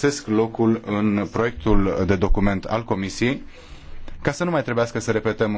găsesc locul în proiectul de document al Comisiei, ca să nu mai trebuiască să repetăm